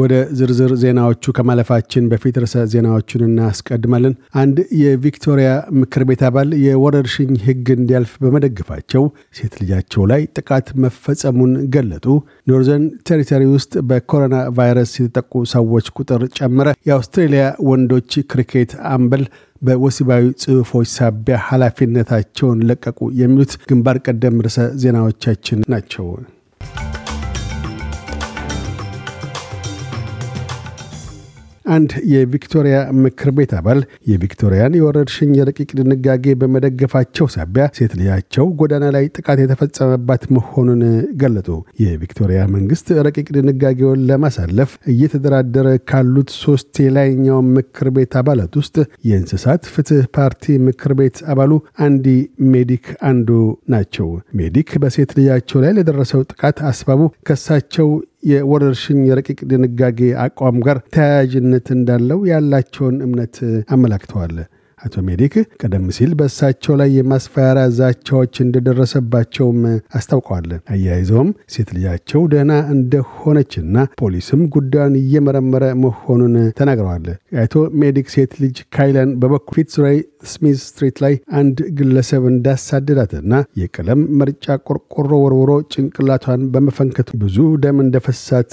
ወደ ዝርዝር ዜናዎቹ ከማለፋችን በፊት ርዕሰ ዜናዎቹን እናስቀድማለን። አንድ የቪክቶሪያ ምክር ቤት አባል የወረርሽኝ ህግ እንዲያልፍ በመደገፋቸው ሴት ልጃቸው ላይ ጥቃት መፈጸሙን ገለጡ። ኖርዘርን ቴሪተሪ ውስጥ በኮሮና ቫይረስ የተጠቁ ሰዎች ቁጥር ጨመረ። የአውስትሬሊያ ወንዶች ክሪኬት አምበል በወሲባዊ ጽሁፎች ሳቢያ ኃላፊነታቸውን ለቀቁ። የሚሉት ግንባር ቀደም ርዕሰ ዜናዎቻችን ናቸው። አንድ የቪክቶሪያ ምክር ቤት አባል የቪክቶሪያን የወረርሽኝ የረቂቅ ድንጋጌ በመደገፋቸው ሳቢያ ሴት ልጃቸው ጎዳና ላይ ጥቃት የተፈጸመባት መሆኑን ገለጡ። የቪክቶሪያ መንግስት ረቂቅ ድንጋጌውን ለማሳለፍ እየተደራደረ ካሉት ሶስት የላይኛው ምክር ቤት አባላት ውስጥ የእንስሳት ፍትህ ፓርቲ ምክር ቤት አባሉ አንዲ ሜዲክ አንዱ ናቸው። ሜዲክ በሴት ልጃቸው ላይ ለደረሰው ጥቃት አስባቡ ከሳቸው የወረርሽኝ ረቂቅ ድንጋጌ አቋም ጋር ተያያዥነት እንዳለው ያላቸውን እምነት አመላክተዋል። አቶ ሜዲክ ቀደም ሲል በእሳቸው ላይ የማስፈራሪያ ዛቻዎች እንደደረሰባቸውም አስታውቀዋል። አያይዘውም ሴት ልጃቸው ደህና እንደሆነችና ፖሊስም ጉዳዩን እየመረመረ መሆኑን ተናግረዋል። የአቶ ሜዲክ ሴት ልጅ ካይለን በበኩል ፊትስራይ ስሚዝ ስትሪት ላይ አንድ ግለሰብ እንዳሳደዳትና የቀለም መርጫ ቆርቆሮ ወርውሮ ጭንቅላቷን በመፈንከቱ ብዙ ደም እንደፈሳት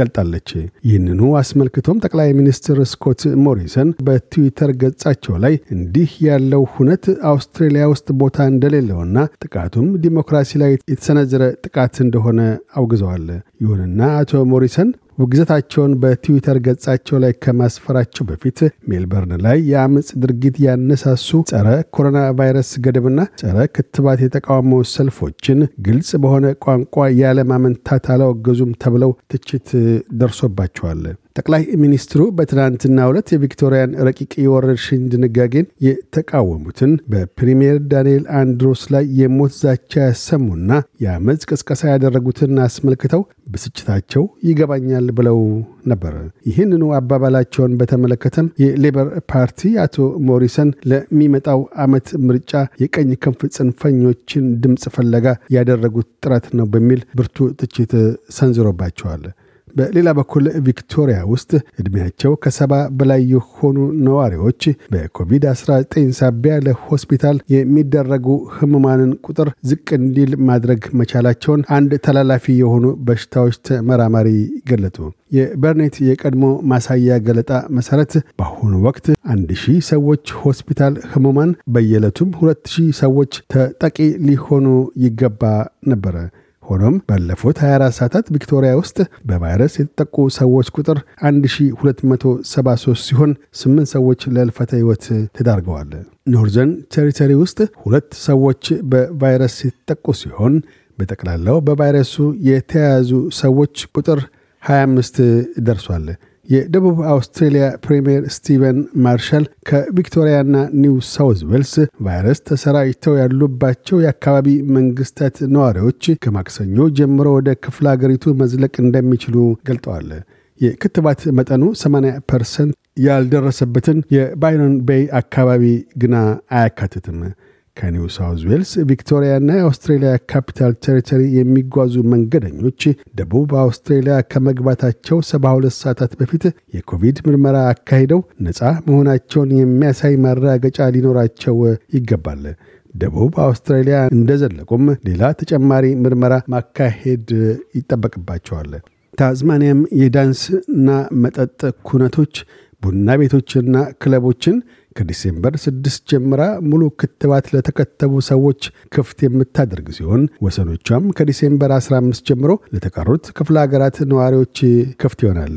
ገልጣለች። ይህንኑ አስመልክቶም ጠቅላይ ሚኒስትር ስኮት ሞሪሰን በትዊተር ገጻቸው ላይ እንዲህ ያለው ሁነት አውስትሬሊያ ውስጥ ቦታ እንደሌለውና ጥቃቱም ዲሞክራሲ ላይ የተሰነዘረ ጥቃት እንደሆነ አውግዘዋል። ይሁንና አቶ ሞሪሰን ውግዘታቸውን በትዊተር ገጻቸው ላይ ከማስፈራቸው በፊት ሜልበርን ላይ የአመፅ ድርጊት ያነሳሱ ጸረ ኮሮና ቫይረስ ገደብና ጸረ ክትባት የተቃውሞ ሰልፎችን ግልጽ በሆነ ቋንቋ ያለማመንታት አላወገዙም ተብለው ትችት ደርሶባቸዋል። ጠቅላይ ሚኒስትሩ በትናንትና ሁለት የቪክቶሪያን ረቂቅ የወረርሽኝ ድንጋጌን የተቃወሙትን በፕሪምየር ዳንኤል አንድሮስ ላይ የሞት ዛቻ ያሰሙና የአመፅ ቅስቀሳ ያደረጉትን አስመልክተው ብስጭታቸው ይገባኛል ብለው ነበር። ይህንኑ አባባላቸውን በተመለከተም የሌበር ፓርቲ አቶ ሞሪሰን ለሚመጣው ዓመት ምርጫ የቀኝ ክንፍ ጽንፈኞችን ድምፅ ፍለጋ ያደረጉት ጥረት ነው በሚል ብርቱ ትችት ሰንዝሮባቸዋል። በሌላ በኩል ቪክቶሪያ ውስጥ ዕድሜያቸው ከሰባ በላይ የሆኑ ነዋሪዎች በኮቪድ-19 ሳቢያ ለሆስፒታል የሚደረጉ ህሙማንን ቁጥር ዝቅ እንዲል ማድረግ መቻላቸውን አንድ ተላላፊ የሆኑ በሽታዎች ተመራማሪ ገለጡ። የበርኔት የቀድሞ ማሳያ ገለጣ መሰረት በአሁኑ ወቅት አንድ ሺህ ሰዎች ሆስፒታል ህሙማን በየዕለቱም ሁለት ሺህ ሰዎች ተጠቂ ሊሆኑ ይገባ ነበረ። ሆኖም ባለፉት 24 ሰዓታት ቪክቶሪያ ውስጥ በቫይረስ የተጠቁ ሰዎች ቁጥር 1273 ሲሆን 8 ሰዎች ለልፈተ ሕይወት ተዳርገዋል። ኖርዘርን ቴሪተሪ ውስጥ ሁለት ሰዎች በቫይረስ የተጠቁ ሲሆን በጠቅላላው በቫይረሱ የተያያዙ ሰዎች ቁጥር 25 ደርሷል። የደቡብ አውስትሬልያ ፕሪምየር ስቲቨን ማርሻል ከቪክቶሪያና ኒው ሳውዝ ዌልስ ቫይረስ ተሰራጭተው ያሉባቸው የአካባቢ መንግስታት ነዋሪዎች ከማክሰኞ ጀምሮ ወደ ክፍለ አገሪቱ መዝለቅ እንደሚችሉ ገልጠዋል። የክትባት መጠኑ 80 ፐርሰንት ያልደረሰበትን የባይሮን ቤይ አካባቢ ግና አያካትትም። ከኒው ሳውዝ ዌልስ፣ ቪክቶሪያና የአውስትሬሊያ ካፒታል ቴሪተሪ የሚጓዙ መንገደኞች ደቡብ አውስትሬሊያ ከመግባታቸው 72 ሰዓታት በፊት የኮቪድ ምርመራ አካሂደው ነፃ መሆናቸውን የሚያሳይ ማረጋገጫ ሊኖራቸው ይገባል። ደቡብ አውስትራሊያ እንደዘለቁም ሌላ ተጨማሪ ምርመራ ማካሄድ ይጠበቅባቸዋል። ታዝማኒያም የዳንስና መጠጥ ኩነቶች፣ ቡና ቤቶችና ክለቦችን ከዲሴምበር 6 ጀምራ ሙሉ ክትባት ለተከተቡ ሰዎች ክፍት የምታደርግ ሲሆን ወሰኖቿም ከዲሴምበር 15 ጀምሮ ለተቀሩት ክፍለ ሀገራት ነዋሪዎች ክፍት ይሆናል።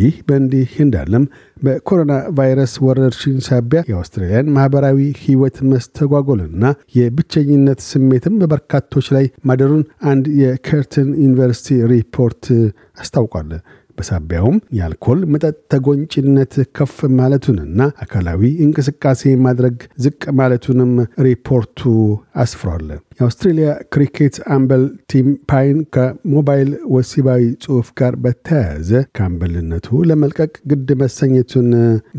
ይህ በእንዲህ እንዳለም በኮሮና ቫይረስ ወረርሽኝ ሳቢያ የአውስትራሊያን ማኅበራዊ ሕይወት መስተጓጎልና የብቸኝነት ስሜትም በበርካቶች ላይ ማደሩን አንድ የከርትን ዩኒቨርሲቲ ሪፖርት አስታውቋል። በሳቢያውም የአልኮል መጠጥ ተጎንጭነት ከፍ ማለቱንና አካላዊ እንቅስቃሴ ማድረግ ዝቅ ማለቱንም ሪፖርቱ አስፍሯል። የአውስትሬልያ ክሪኬት አምበል ቲም ፓይን ከሞባይል ወሲባዊ ጽሑፍ ጋር በተያያዘ ከአምበልነቱ ለመልቀቅ ግድ መሰኘቱን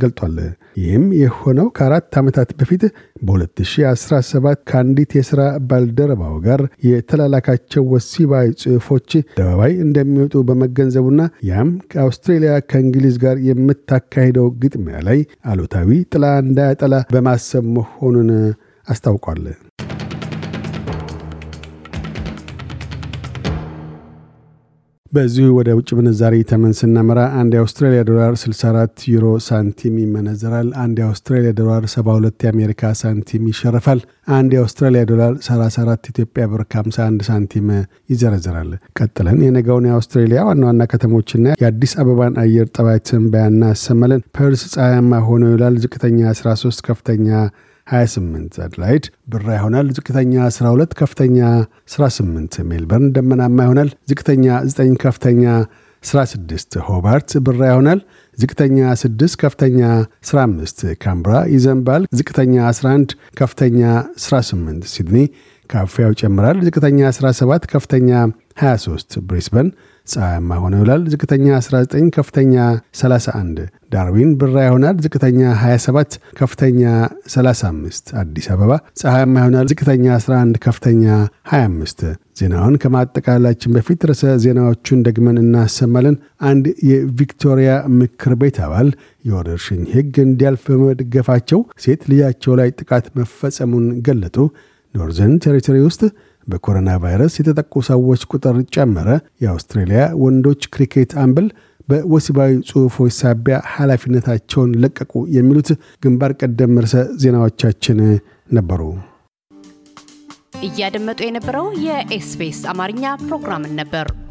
ገልጧል። ይህም የሆነው ከአራት ዓመታት በፊት በ2017 ከአንዲት የሥራ ባልደረባው ጋር የተላላካቸው ወሲባዊ ጽሑፎች ደባባይ እንደሚወጡ በመገንዘቡና ያም ከአውስትሬልያ ከእንግሊዝ ጋር የምታካሄደው ግጥሚያ ላይ አሉታዊ ጥላ እንዳያጠላ በማሰብ መሆኑን አስታውቋል። በዚሁ ወደ ውጭ ምንዛሪ ተመን ስናመራ አንድ የአውስትራሊያ ዶላር 64 ዩሮ ሳንቲም ይመነዘራል። አንድ የአውስትራሊያ ዶላር 72 የአሜሪካ ሳንቲም ይሸርፋል። አንድ የአውስትራሊያ ዶላር 34 ኢትዮጵያ ብር 51 ሳንቲም ይዘረዝራል። ቀጥለን የነገውን የአውስትሬሊያ ዋና ዋና ከተሞችና የአዲስ አበባን አየር ጠባይ ትንበያና ያሰመለን። ፐርስ ፀሐያማ ሆኖ ይውላል። ዝቅተኛ 13 ከፍተኛ 28 አድላይድ ብራ ይሆናል። ዝቅተኛ 12፣ ከፍተኛ 18 ሜልበርን ደመናማ ይሆናል። ዝቅተኛ 9፣ ከፍተኛ 16 ሆባርት ብራ ይሆናል። ዝቅተኛ 6 ከፍተኛ 15 ካምብራ ይዘንባል። ዝቅተኛ 11 ከፍተኛ 18 ሲድኒ ካፊያው ይጨምራል። ዝቅተኛ 17፣ ከፍተኛ 23። ብሪስበን ፀሐያማ ሆኖ ይውላል። ዝቅተኛ 19፣ ከፍተኛ 31። ዳርዊን ብራ ይሆናል። ዝቅተኛ 27፣ ከፍተኛ 35። አዲስ አበባ ፀሐያማ ይሆናል። ዝቅተኛ 11፣ ከፍተኛ 25። ዜናውን ከማጠቃላችን በፊት ርዕሰ ዜናዎቹን ደግመን እናሰማለን። አንድ የቪክቶሪያ ምክር ቤት አባል የወረርሽኝ ሕግ እንዲያልፍ በመደገፋቸው ሴት ልጃቸው ላይ ጥቃት መፈጸሙን ገለጡ። ኖርዘርን ቴሪቶሪ ውስጥ በኮሮና ቫይረስ የተጠቁ ሰዎች ቁጥር ጨመረ። የአውስትሬልያ ወንዶች ክሪኬት አምብል በወሲባዊ ጽሑፎች ሳቢያ ኃላፊነታቸውን ለቀቁ። የሚሉት ግንባር ቀደም ርዕሰ ዜናዎቻችን ነበሩ። እያደመጡ የነበረው የኤስፔስ አማርኛ ፕሮግራምን ነበር።